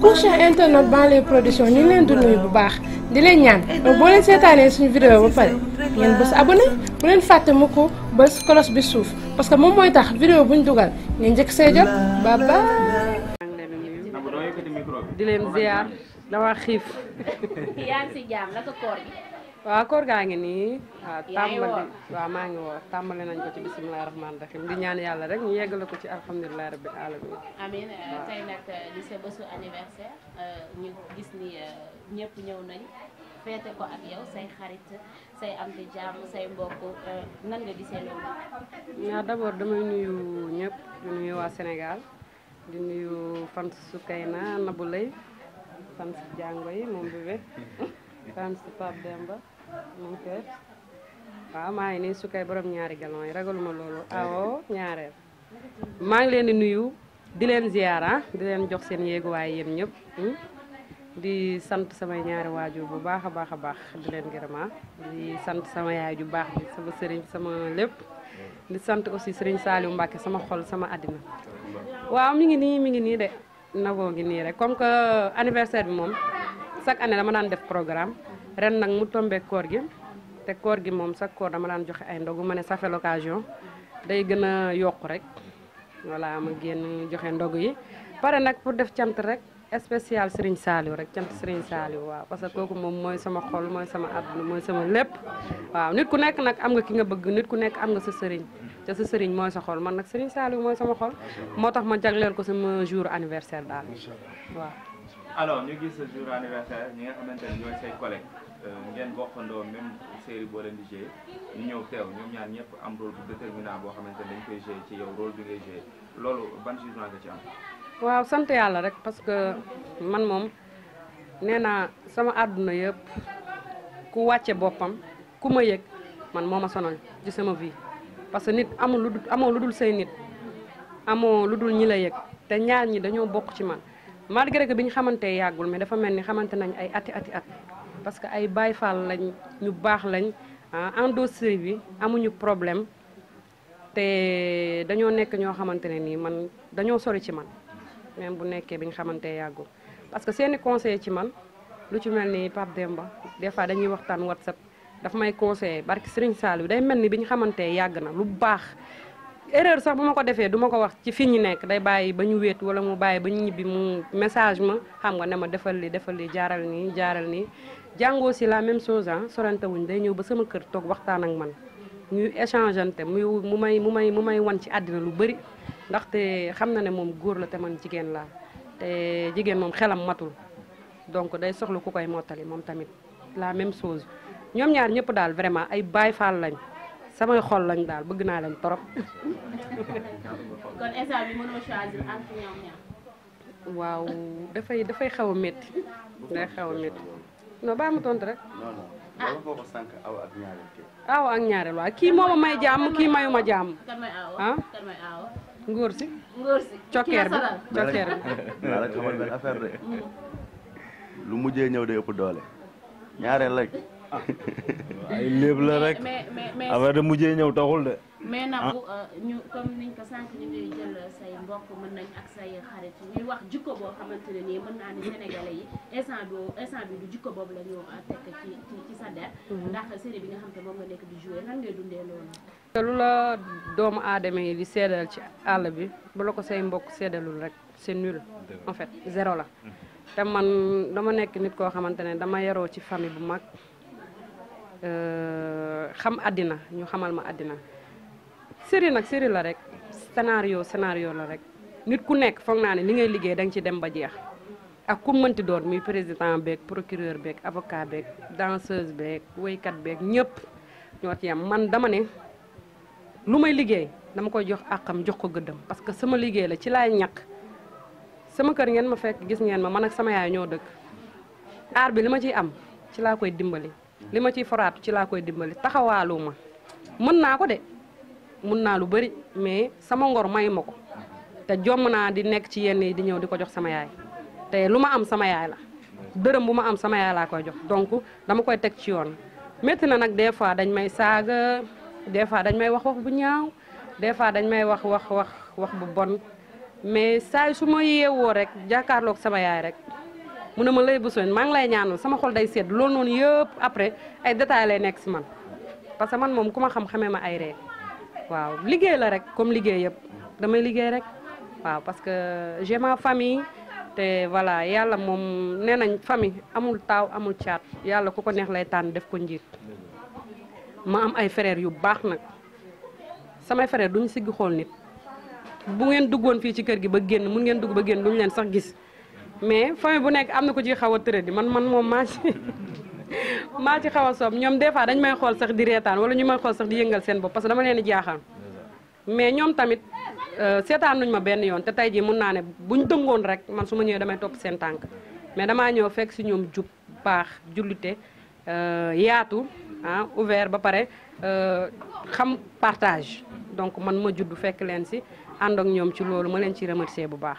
pour chaque internet Banlieue Production ñu ngi leen di nuyu bu baax di leen ñaan boo leen seetaanee suñu vidéo ba pare ngeen bës abonné bu leen fàtte mu ko bës kolos bi suuf parce que moom mooy tax vidéo bu ñu dugal ngeen njëkk see jot bye bye. di leen ziar dama xiif. yaa ngi si jàmm naka waaw koor gaa ngi nii waaw ah, tàmbali waaw maa ngi woor tàmbali nañ ko ci bisimilah rahmaani rahim di ñaan yàlla rek ñu ko ci alhamdulilah rabbil alamin amin eh, tey nag eh, di sa bésu anniversaire eh, ñu gis ni ñëpp ñëw nañ feete ko ak yow say xarit say am di jàmm say mbokk nan nga gisee loolu waaw d'abord damay nuyu ñëpp di nuyu waa Sénégal di nuyu fans Soukeyna Nabou Leye fans Diango yi moom fans Pape moom kay waaw maa ngi nii sukkay borom ñaari galon yi ragaluma loolu awo ñaareel maa ngi leen di nuyu di leen ziyaara di leen jox seen yéeguwaay yéen ñëpp hmm? di sant samay ñaari waajur bu baax a baax a baax di leen gërëmaa ah. di sant sama yaay ju baax bi sama sëriñ sama lépp di sant aussi sëriñ Saliou Mbacke sama xol sama àddina waaw mi ngi nii mi ngi nii de nagoo ngi nii rek comme que anniversaire bi moom chaque année dama daan def programme ren nak mu tombé koor gi te koor gi mom sax koor dama lan joxe ay ndogu mané sa fait l'occasion day gëna yok rek wala ma génn joxe ndogu yi paré nak pour def tiant rek spécial Serigne saliw rek tiant Serigne saliw waaw parce que koku mom moy sama xol moy sama àdduna moy sama lepp waaw nit ku nek nak am nga ki nga bëgg nit ku nek am nga sa Serigne te sa Serigne moy sa xol man nak Serigne saliw moy sama xol motax ma jagleel ko sama jour anniversaire daal waaw alors ñu gis jour anniversaire ñi nga xamante ne ñooy say collègues euh, ngeen bokkandoo même série boo leen di joué ñu ñëw teew ñoom ñaar ñëpp am rôle bu déterminant boo xamante ne dañ koy joué ci yow rôle bi ngay joué loolu ban jugement nga ci am. waaw sant yàlla rek parce que man moom nee naa sama àdduna yëpp ku wàcce boppam ku ma yëg man moo ma sonal ci sama vie parce que nit amul lu dul amoo lu dul say nit amoo lu dul ñi la yëg te ñaar ñi dañoo bokk ci man. malgré que bi ñu xamante yàggul mais dafa mel ni xamante nañ ay ati ati at parce que ay Baay Faal lañ ñu baax lañ ah, endosserie bi amuñu problème te dañoo nekk ñoo xamante ne nii man dañoo sori ci man même bu nekkee bi ñu xamante yàggul parce que seeni conseil ci man lu ci mel ni Pape Demba des fois dañuy waxtaan WhatsApp daf may conseillé barki Serigne Saliou day mel ni bi ñu xamantee yàgg na lu baax erreur sax bu ma ko defee du ma ko wax ci fi ñu nekk day bàyyi ba ñu wéet wala mu bàyyi ba ñu ñibbi mu message ma xam nga ne ma defal li defal li jaaral nii jaaral nii jàngoo si la même chose ah sorantewuñ day ñëw ba sama kër toog waxtaan ak man ñuy échangeante muy mu may mu may mu may wan ci àddina lu bëri ndaxte xam na ne moom góor la te man jigéen laa te jigéen moom xelam matul donc day soxla ku koy mottali moom tamit la même chose ñoom ñaar ñëpp daal vraiment ay baay faal lañ samay xol lañ daal bëgg naa leen trop. waaw dafay dafay xaw a métti. day xaw a métti non baa ma tontu rek. non non ah. aw ak ñaareel kii. aw waaw kii moo ma may jàmm kii mayu jàmm. kan may aawoo ah? si. cokkeer bi cokkeer bi. affaire mm. lu mujjee ñëw day ëpp doole. ñaareel rek. ay léeb la rek. mais de mujjee ñëw taxul de. mais nag ah. euh, ñu jël say mbokk mën nañ ak say xarit ñuy wax jikko boobu instant euh, tekk ci sa der. Mhm. ndax série bi nga xam te moom nga nekk di joué nan ngay dundee loolu. la doomu aadama yi di seedal ci àll bi bu la ko say mbokk seedalul rek c'est nul en fait zéro la. Mhm. te man dama nekk nit koo xamante ne dama yaroo ci famille bu mag. Euh, xam àddina ñu xamal ma àddina série nag série la rek scénario scénario la rek nit ku nekk foog naa ne li ngay liggéey da nga ci dem ba jeex ak ku mënti doon muy président beeg procureur beeg avocat beeg danseuse beeg woykat beeg ñëpp ñoo ci yam man dama ne lu may liggéey dama koy jox àqam jox ko gëddam parce que sama liggéey la ci laay ñàkk sama kër ngeen ma fekk gis ngeen ma mën ak sama yaay ñoo dëkk aar bi li ma ciy am ci laa koy dimbali li ma ciy foraatu ci laa koy dimbali taxawaalu ma mën naa ko de mën naa lu bëri mais sama ngor mayuma ko te jomm naa di nekk ci yenn di ñëw di ko jox sama yaay te lu ma am sama yaay la dërëm bu ma am sama yaay laa koy jox donc dama koy teg ci yoon métti na nag des fois dañ may saaga des fois dañ may wax wax bu ñaaw des fois dañ may wax wax wax wax bu bon mais saa su ma yeewoo rek jàkkaarloog sama yaay rek mu ne ma lay bu soñ maa ngi lay ñaanal sama xol day sedd loolu noonu yëpp après ay détails lay nekk si man parce que man moom ku ma xam xamee ma ay ree waaw liggéey la rek comme liggéey yëpp damay liggéey rek waaw parce que j'ai ma te voilà yàlla moom nee nañ famille amul taaw amul caat yàlla ku ko neex lay tànn def ko njiit ma am ay frères yu baax nag samay frères duñu sigg xool nit bu ngeen duggoon fii ci kër gi ba génn mun ngeen dugg ba génn duñu leen sax gis mais famille bu nek amna ko ci xawa man man mo ma ci maa ci xawa a ñom des fois dañ may xol sax di reetaan wala ñu may xol sax di yëngal seen bop parce que dama leen di jaaxal mais ñom tamit euh, sétane nuñ ma yoon te tay ji mën na ne buñ dëngoon rek man suma ñëw damay top seen tank mais dama ñëw fekk si juli jub baax euh yaatu ah ouvert ba pare euh, xam partage donc man ma judd fekk leen si ànd ak ñoom ci lolu ma leen ci remercier bu baax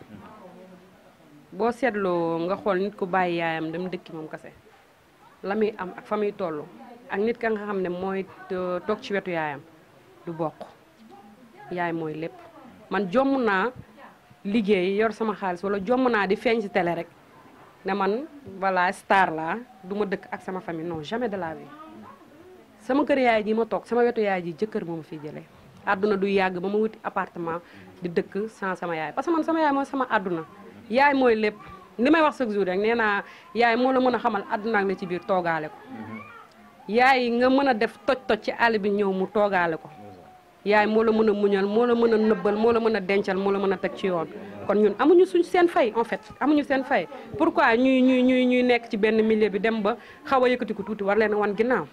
boo seetloo nga xool nit ku bàyyi yaayam dem dëkki moom kase la muy am ak fa muy toll ak nit ka nga xam ne mooy toog ci wetu yaayam du boq yaay mooy lépp man jomm naa liggéey yor sama xaalis wala jomm naa di feeñ si télé rek ne man voilà star la du ma dëkk ak sama famille non jamais de la vie sama kër yaay ji ma toog sama wetu yaay ji jëkkër moo ma fiy jëlee àdduna du yàgg ba mu wuti appartement di dëkk sans sama yaay parce que man sama yaay mooy sama àdduna yaay mooy lépp li may wax chaque jour rek nee naa yaay moo la mën a xamal àdduna ak la ci biir toogaale ko mm-hmm. yaay nga mën a def toj-toj ci àll bi ñëw mu toogaale ko yaay moo la mën a muñal moo la mën a nëbbal moo la mën a dencal moo la mën a teg ci yoon kon ñun amuñu suñ seen fay en fait amuñu seen fay pourquoi ñuy ñuy ñuy ñuy nekk ci benn milieu bi dem ba xaw a yëkkati ko tuuti war leen wan ginnaaw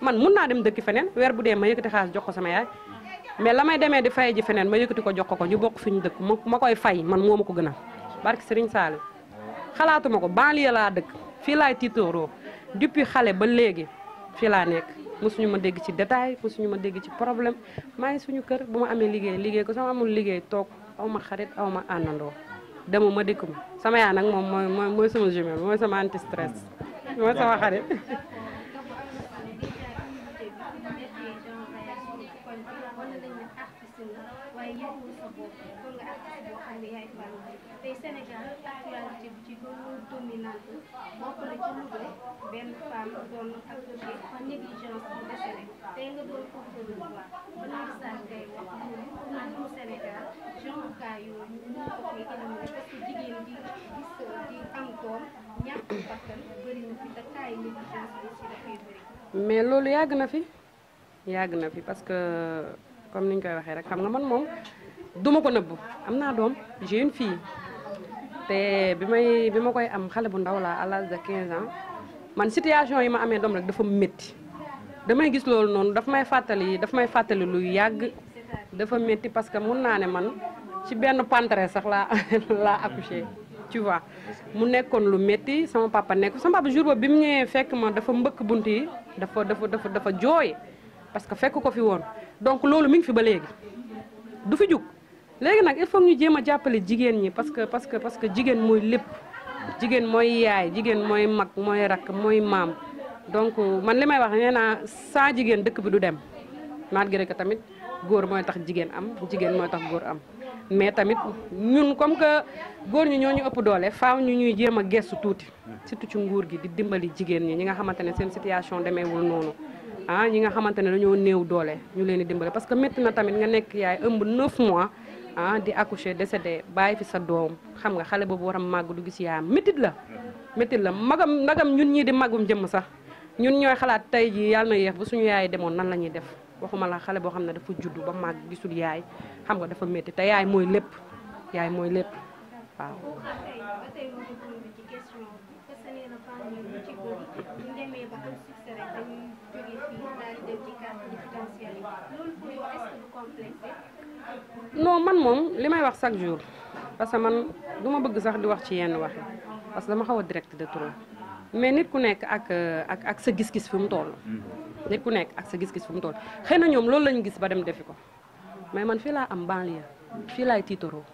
man mun naa dem dëkk feneen weer bu dee ma yëkkati xaalis jox ko sama yaay mais la may demee di fay ji feneen ma yëkkati ko jox ko ko ñu bokk suñu dëkk ma koy fay man moo ma ko gënal barke Serigne Saliou xalaatuma ko banlieue laa dëkk fii laay tiitooroo depuis xale ba léegi fii laa nekk mosuñu ma dégg ci détail suñu ma dégg ci problème maa ngi suñu kër bu ma amee liggéey liggéey ko sama amul liggéey toog aw ma xarit aw ma àndandoo demu ma dikku ma sama yaa nag moom mooy mooy sama jumelle mooy sama anti stress mooy sama xarit mais loolu yàgg na fi yàgg na fi parce que comme niñ koy waxee rek xam nga man moom duma ko nëbbu am naa doom j'ai une My suis koy am 15 ans man situation yi ma amee 15 rek dafa suis damay gis loolu noonu daf may daf may parce que tu vois papa jour parce que fekk donc du léegi nag il faut ñu jéem a jàppale jigéen ñi parce que parce que parce que jigéen mooy lépp jigéen mooy yaay jigéen mooy mag mooy rakk mooy maam donc man li may wax nee naa saa jigéen dëkk bi du dem malgré que tamit góor mooy tax jigéen am jigéen mooy tax góor am mais tamit ñun comme que góor ñu ñoo ñu ëpp doole faaw ñu ñuy jéem a gestu tuuti surtout ci nguur gi di dimbali jigéen ñi ñi nga xamante ne seen situation demeewul noonu ah ñi nga xamante ne dañoo néew doole ñu leen di dimbali parce que métti na tamit nga nekk yaay ëmb 9 mois ah di accoucher décédé bàyyi fi sa doom xam nga xale boobu war a màgg du gis yaayam métit la métit la magam nagam ñun ñii di magum jëmm sax ñun ñooy xalaat tey jii yàlla na yéex bu suñu yaay demoon nan la ñuy def waxuma la xale boo xam ne dafa judd ba màgg gisul yaay xam nga dafa métti te yaay mooy lépp yaay mooy lépp no man moom li may wax chaque jour parce que man du ma bëgg sax di wax ci yenn waxi parce que dama xaw a direct de trop mais nit ku nekk ak ak ak sa gis-gis fu mu toll. Mm-hmm. nit ku nekk ak sa gis-gis fu mu toll xëy na ñoom loolu lañu gis ba dem defi ko mais man fii laa am banlieue fii laay tiitaroo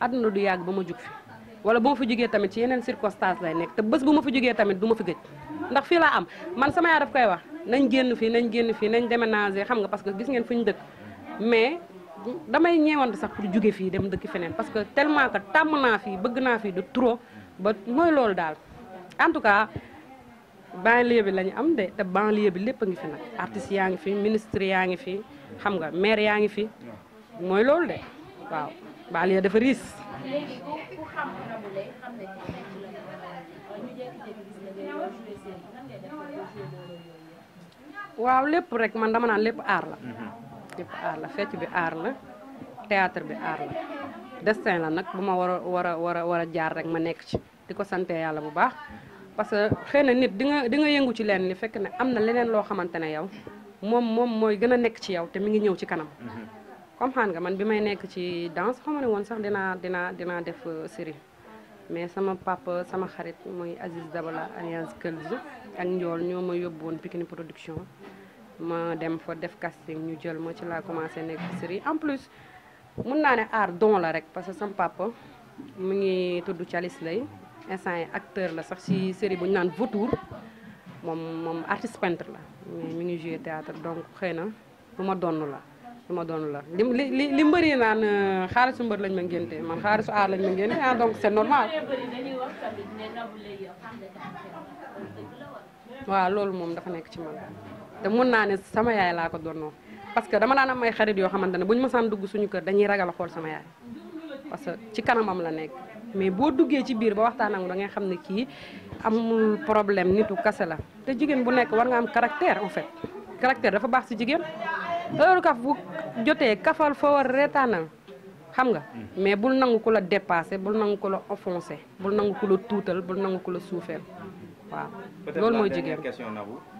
àdduna du yàgg ba ma jug fi wala bu ma fa jugee tamit ci yeneen circonstance lay nekk te bës bu ma fa jugee tamit du ma fi gëj ndax fii laa am man sama yaa daf koy wax nañ génn fii nañ génn fii nañ déménager xam nga parce que gis ngeen fu ñu dëkk mais damay ñeewant sax pour juggé fi dem dëkk fenen parce que tellement que tam na fi bëgg na fi de trop ba moy lool dal en tout cas banlieue bi lañ ñu am de te banlieue bi lépp a ngi fi nak artiste yaa ngi fi ministre yaa fi xam nga maire fi moy lool dé waaw banlieue dafa ris waaw lépp rek man dama nan lépp art la ñëpp aar la fecc bi aar la théâtre bi aar la destin la nag bu ma war a war a war a war a jaar rek ma nekk ci di ko sante yàlla bu baax parce que xëy na nit di nga di nga yëngu ci leen li fekk ne am na leneen loo xamante ne yow moom moom mooy gën a nekk ci yow te mi ngi ñëw ci kanam mm-hmm. comme xam nga man bi may nekk ci danse xama ne woon sax dinaa dinaa dinaa def euh, série mais sama papa sama xarit mooy Aziz Dabala alliance Kels ak Njool ñoo ma yóbbu woon Pikini production ma dem fa def casting ñu jël ma ci laa commencé nekk série en plus mun naa ne aar don la rek parce que sama papa mu ngi tudd Thialis lay instant yi acteur la sax ci série bu ñu naan Vautour moom moom artiste peintre la mu ngi joué théâtre donc xëy na lu ma donn la lu ma donn la li li li mbëri naan euh, xaalisu mbër lañ ma ngénte man xaalisu aar lañ ma ngénte ah donc c'est normal waaw loolu moom dafa nekk ci man te mën na né sama yaay la ko donno parce que dama la am ay xarit yo xamantene buñu ma san dugg suñu kër dañuy ragal xol sama yaay parce que ci kanamam la nek mais bo duggé ci bir ba waxtaan ak da ngay xamné ki amul problème nitu kassa la te jigen bu nek war nga am caractère en fait caractère dafa bax ci jigen heure kaf bu joté kafal fo war reetaanal xam nga mais bul nangou ko la dépasser bul nangou ko la offenser bul nangou ko la toutal bul nangou ko la souffrir waaw moy jigen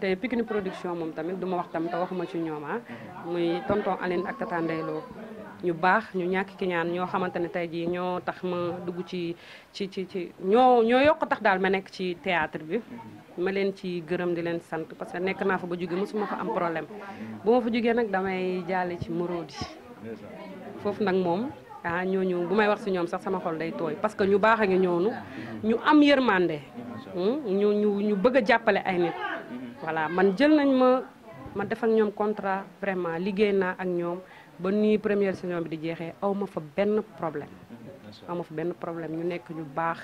te Pikine production moom tamit duma wax tam te waxuma ci ñoom ah muy tonton Aline ak tata Ndeye ñu baax ñu ñàkk ki ñaan ñoo xamante ne tey jii ñoo tax ma dugg ci ci ci ci ñoo ñoo yokk tax daal ma nekk ci théâtre bi ma leen ci gërëm di leen sant parce que nekk naa fa ba jóge suma fa am problème bu ma fa jógee nag damay jaale ci Morodi foofu nag moom ah ñooñu bu may wax si ñoom sax sama xol day tooy parce que ñu baax a ngi ñoonu ñu am yërmande hmm? ñu ñu ñu bëgg a jàppale ay nit voilà man jël nañ ma ma def ak ñoom contrat vraiment liggéey naa ak ñoom ba nii première saison bi di jeexee aw ma fa benn problème. aw ma fa benn problème ñu nekk ñu baax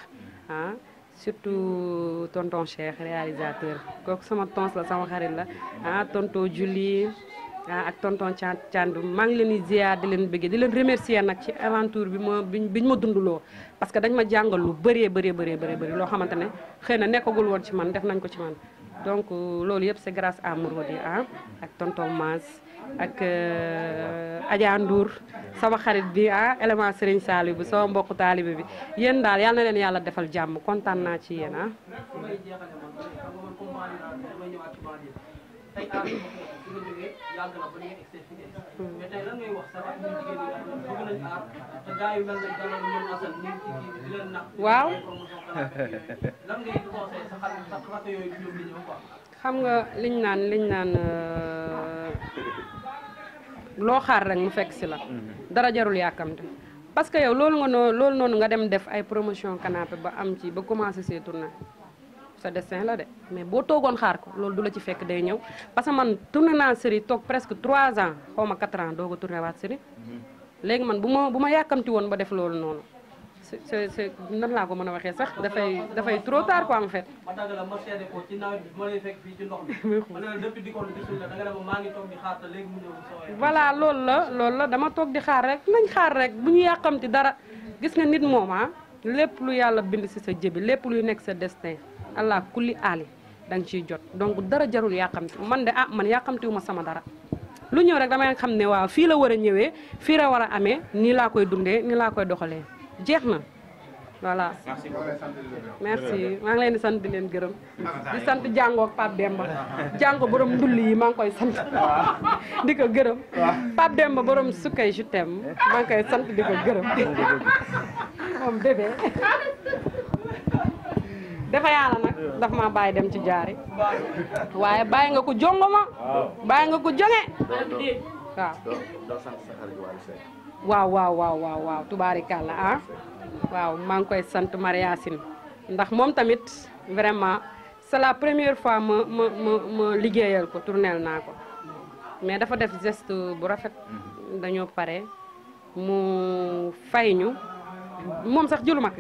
ah surtout tonton Cheikh réalisateur kooku sama tons la sama xarit la ah tonton Julie ah ak tonton Thiandou maa ngi leen di ziar di leen bëggee di leen remercier nag ci aventure bi ma bi ñu ma dundaloo parce que dañ ma jàngal lu bëree bëree bëree bëri loo xamante ne xëy na nekkagul woon ci man def nañ ko ci man donc euh, loolu yëpp c'est grâce à Mourodi ah ak tonton Mas ak euh, Adja Ndour sama xarit bi ah élément Serigne Saliou bi sama mbokku taalibe bi yéen daal yal na leen yàlla defal jàmm kontaan naa ci yéen ah. Hmm. Wow. Euh, mhm. parce que yow nga nga dem def ay promotion canapé ba am ci ba commencé see tournée sa destin la de mais boo toogoon xaar ko loolu du ci fekk day ñëw parce que man tourné naa série toog presque ans léegi man bu ma bu ma yàkkamti woon ba def loolu noonu c'est c'est nan laa ko mën a waxee sax dafay dafay trop en fait. ma dàgg ma seede ko ci nawet bi ma lay la depuis la maa ngi toog voilà loolu la loolu la dama toog di xaar rek nañ xaar rek bu ñu yàkkamti dara gis nga nit moom ah lépp lu yàlla bind si sa jëbi lépp luy nekk sa destin allah kulli aali da nga ciy jot donc dara jarul yàkkamti man de ah man yàkkamtiwu ma sama dara. lu ñëw rek damay xam ne waaw fii la war a ñëwee fii la war a amee nii laa koy dundee nii laa koy doxalee jeex na voilà. merci maa ngi leen di sant di leen gërëm. di sant jàngoo ak Pape Demba jàngo borom ndulli yi maa ngi koy sant di ko gërëm. Pape Demba borom sukkay je t'aime maa ngi koy sant di gërëm moom bébé. dafa yàlla nag daf maa bàyyi dem ci jaari waaye bàyyi nga ko jongoma bàyyi nga ko jonge waaw waaw waaw waaw waaw waaw tubaarikàlla ah waaw maa ngi koy sant Maria Sine ndax moom tamit vraiment c'est la première fois ma ma ma ma liggéeyal ko tourneel naa ko mais dafa def geste bu rafet mm-hmm. dañoo pare mu fay ñu moom sax jëlu mag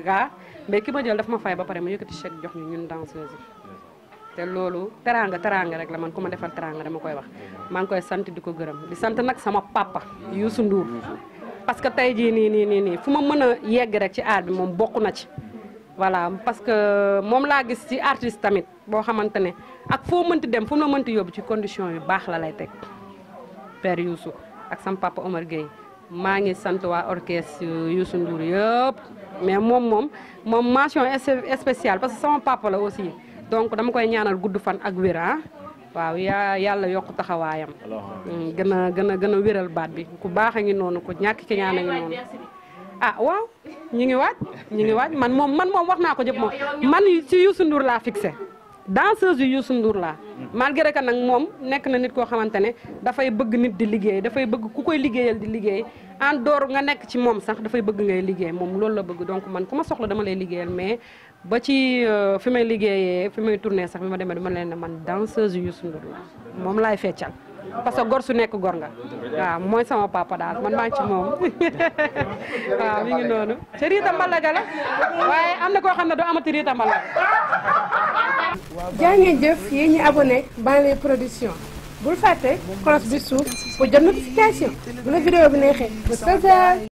mais ki ma jël daf ma fay ba pare mu ma yëkkati chèque jox ñu ñun danseuse yi te loolu teraanga teraanga rek la man ku ma defal teraanga dama koy wax maa ngi koy sant di ko gërëm di sant nag sama papa Youssou Ndour parce que tey jii nii nii nii nii fu ma mën a yegg rek ci aar bi moom bokk na ci voilà parce que moom laa gis ci artiste tamit boo xamante ne ak foo mënti dem fu ma mënti yóbbu ci condition yu baax la lay teg per père Youssou ak sam papa Omar Gueye maa ngi sant waa orchestre Youssou Ndour yëpp mais moom moom moom mention spéciale parce que sama papa la aussi donc dama koy ñaanal gudd fan ak wér ah waaw yaa yàlla yokk taxawaayam. Mm, gën a gën a gën a wéral baat bi ku baax a ngi noonu ku ñàkk ki ñaan a ngi noonu. ah waaw ñu ngi waaj ñu ngi waaj man moom man moom wax naa ko jëpp moom man si Youssou Ndour laa fixé. dans danseuse yu Youssou Ndour laa malgré que nag moom nekk na nit koo xamante ne dafay bëgg nit di liggéey dafay bëgg ku koy liggéeyal di liggéey en dehors nga nekk ci moom sax dafay bëgg ngay liggéey moom loolu la bëgg donc man ku ma soxla dama lay liggéeyal mais ba ci euh, fi may liggéeyee fi may tourné sax bi ma demee dama leen ne man danseuse yu Youssou Ndour laa moom laay feccal parce que gor su nekk gor nga waaw mooy sama papa daal man maa ngi ci moom waaw mi ngi noonu ci riita mbalaga la waaye am na koo xam ne doo amati riita mbalaga jaa ngeen jëf yéen ñi abonné Banlieue Production bul fàtte cloche bi suuf pour jot notification bu la vidéo bi neexee ba